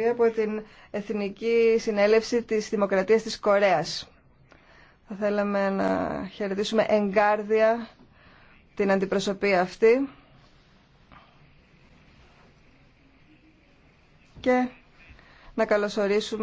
από την Εθνική Συνέλευση της Δημοκρατίας της Κορέας. Θα θέλαμε να χαιρετήσουμε εγκάρδια την αντιπροσωπεία αυτή και να καλωσορίσουμε